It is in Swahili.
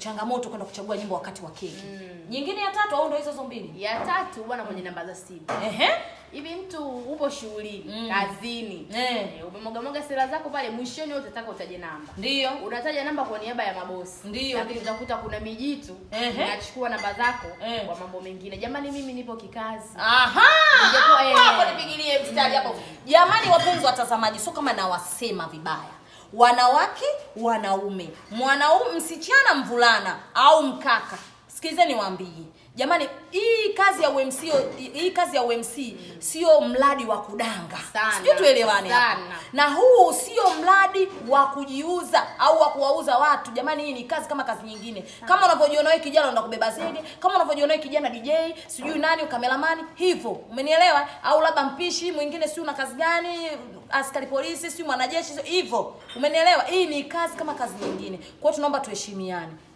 changamoto kwenda kuchagua nyimbo wakati wa keki. Mm. Nyingine ya tatu au ndio hizo mbili? Ya tatu bwana, kwenye namba za simu. Ehe. Hivi mtu upo shughuli, mm. kazini. Eh, eh umemoga moga sera zako pale mwishoni wewe utataka utaje namba. Ndio. Unataja namba kwa niaba ya mabosi. Ndio. Lakini utakuta kuna mijitu inachukua namba zako Ehe. kwa mambo mengine. Jamani mimi nipo kikazi. Aha. Eh. Hapo nipigilie mstari hapo. Jamani wapenzi watazamaji, sio kama nawasema vibaya wanawake, wanaume, mwanaume, msichana, mvulana au mkaka. Sikilizeni niwaambie jamani, hii kazi ya UMC hii kazi ya UMC sio mradi wa kudanga, sio tuelewane hapa, na huu sio mradi wa kujiuza au wa kuwauza watu. Jamani, hii ni kazi kama kazi nyingine, kama unavyojiona wewe kijana unaenda kubeba zege, kama unavyojiona wewe kijana DJ sijui nani ukameramani hivyo, umenielewa? Au labda mpishi mwingine, sio una kazi gani, askari polisi, sio mwanajeshi hivyo, umenielewa? Hii ni kazi kama kazi nyingine, kwa hiyo tunaomba tuheshimiane.